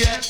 yet.